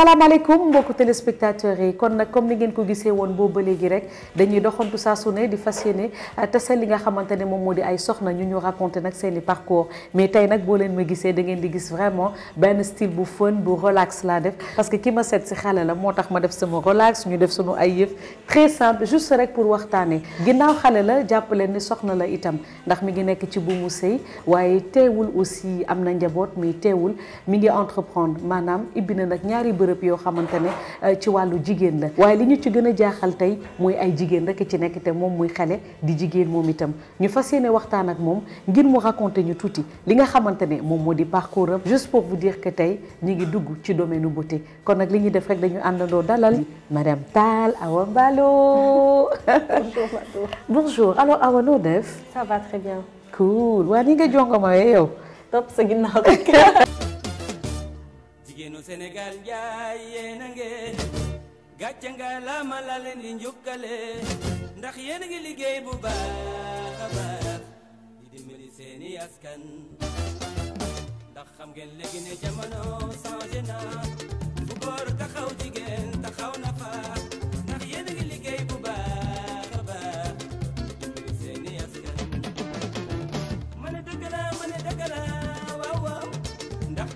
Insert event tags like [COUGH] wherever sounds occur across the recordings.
salaamaaleykum mbokku téléspectateurs yi kon nag comme ni ngeen ko gisee woon boobu ba léegi rek dañuy doxantu saa su ne di fas yéene euh, tase li nga xamante ne moom moo di ay soxna ñu ñu raconté nag seen i parcours mais boo leen ma gisee da ngeen di gis vraiment benn style bu fun bu relax laa def parce que ki ma seet si xale la moo tax ma def sama relax ñu def sunu ay yëf très simple juste rek pour waxtaanee ginnaaw xale la jàpp leen ni soxna la itam ndax mi ngi nekk ci bu mu sëy waaye teewul aussi am na njaboot mais teewul mi ngi entreprendre maanaam ibbi na nag ñaari bërëb bërëb yoo xamante ne euh, ci wàllu jigéen la waaye li ñu ci gën a jaaxal tey mooy ay jigéen rek ci nekk te moom muy xale di jigéen moom itam ñu fas yéene waxtaan ak moom ngir mu raconter ñu tuuti li nga xamante ne moom moo di parcours am juste pour vous dire tey ñi ngi dugg ci domaine beauté kon nag li ñuy def rek dañu àndandoo dalal madame Tall Awa Mballo [LAUGHS] bonjour bonjour alors Awa noo def ça va très bien cool waa ni nga jongoma eh, yow topp sa ginnaaw rek [LAUGHS] nu Sénégal njaay yéen a ngeen gàcce nga laama la leen di njukkale ndax yéen a ngi liggéey bu baax a baax di seeni askan ndax xam ngeen léegi ne jamono changé na bu góor taxaw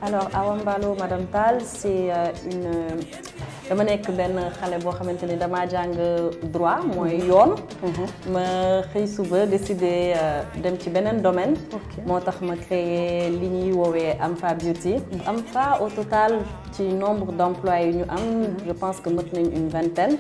alors Awa Mballo madame Tall c'est euh, une euh, dama nekk benn xale boo xamante ni damaa jàng droit mooy mhm. yoon. Mhm. ma xëy suba décidé euh, dem ci beneen domaine. moo tax ma créé li ñuy woowee Amfa Beauty. Mhm. Amfa au total ci nombre d'employés yu ñu am je pense que mët nañ une vingtaine.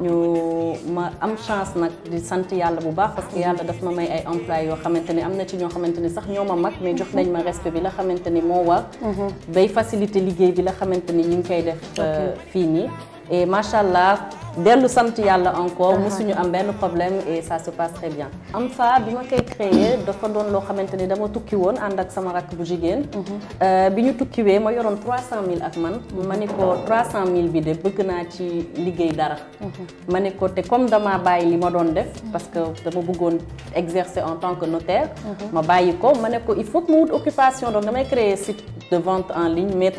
ñu ma am chance nag di sant yàlla bu baax parce que yàlla daf ma may ay emploi yoo xamante ni am na ci ñoo xamante ni sax ñoo ma mag mais jox nañ ma respect bi la xamante ni moo war mhm. bay faciliter liggéey bi la xamante ni ñu ngi koy def euh, fii nii et macha allah dellu sant yàlla encore suñu am benn problème et sa se passe très bien am fa bi ma koy créer dafa doon loo xamante ni dama tukki woon ànd ak sama rakk bu jigéen mhm. euh, bi ñu tukkiwee ma yoroon cent mille ak man ma ne ko mille bi de bëgg naa ci liggéey dara mhm. ma ne ko te comme dama bàyyi li ma doon def mhm. parce que dama bëggoon exercer en tant que notaire ma bàyyi ko ma ne ko il faut que ma wut occupation donc damay créer site de vente en ligne mais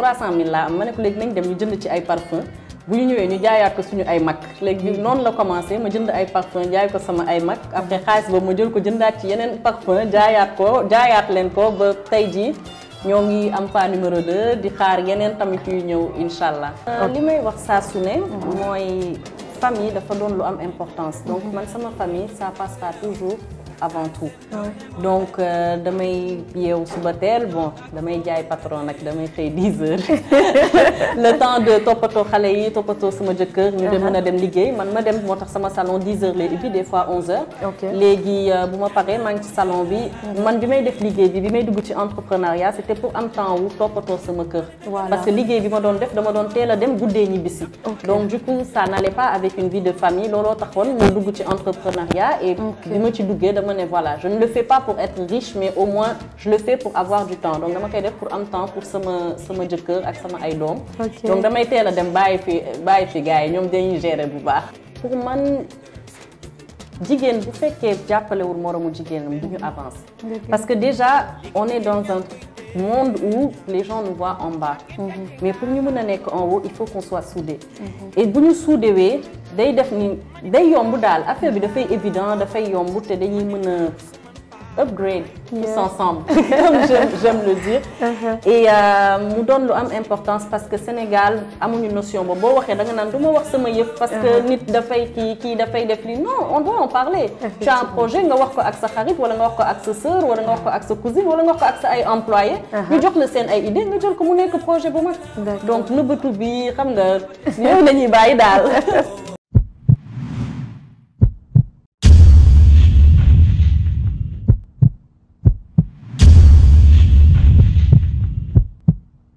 léegi nañ dem ñu jënd ci ay parfum bu ñu ñëwee ni jaayaat ko suñu ay mag léegi noonu la commencé ma jënd ay parfum jaay ko sama ay mag après xaalis boobu ma jël ko jëndaat ci yeneen parfum jaayaat ko jaayaat leen ko ba tey jii ñoo ngi am pas numéro 2 di xaar yeneen tamit yuy ñëw incha allah. Euh, li may wax saa su ne. mooy famille dafa doon lu am importance donc mm-hmm. man sama famille ça passera toujours. avant tout. donc euh, damay yeewu suba teel bon damay jaay patron nag damay xëy 10 heures [LAUGHS] le temps de toppatoo xale yi toppatoo sama jëkkër. ñu dem uh-huh. mën a dem liggéey man ma dem moo tax sama salon 10 heures lay des fois 11 heures. léegi euh, bu ma paree maa ci salon bi. Uh-huh. man bi may def liggéey bi bi may dugg ci entrepreneuriat c'était pour am temps wu toppatoo sama kër. parce que liggéey bi ma doon def dama doon teela dem guddee ñibbisi. donc du coup ça n'allait pas avec une vie de famille looloo taxoon dugg ci entrepreneuriat ma ne voilà je ne le fais pas pour être riche mais au moins je le fais pour avoir du temps donc dama koy def pour am temps pour sama sama jëkkër ak sama ay doom. donc damay teel a dem bàyyi fi bàyyi fi gars yi ñoom dañuy gérer bu baax. pour man jigéen bu fekkee jàppalewul moroomu jigéenam du ñu avance. parce que déjà on est dans un. monde où les gens nous voient en bas. Mhm. mais pour ñu mën a nekk en haut il faut qu'on soit soudé. Mhm. et bu ñu soudéwee day def ni day yomb daal affaire bi dafay évident dafay yomb te dañuy mën a. upgrade yeah. tous ensemble [LAUGHS] comme j'aime le dire uh-huh. euh, mu doon lu am importance parce que Sénégal amuñu notion boobu boo waxee da nga naan du ma wax sama yëf parce que uh-huh. nit dafay kii kii dafay def lii non on doit en parler tu as projet nga wax ko ak sa xarit wala nga wax ko ak sa sœur wala nga wax ko ak sa cousine wala nga wax ko ak sa ay employé uh-huh. ñu jox la seen ay idée nga jël ko mu nekk projet bu mag donc nëbbatu bi xam nga ñooñu na ñuy bàyyi daal [LAUGHS]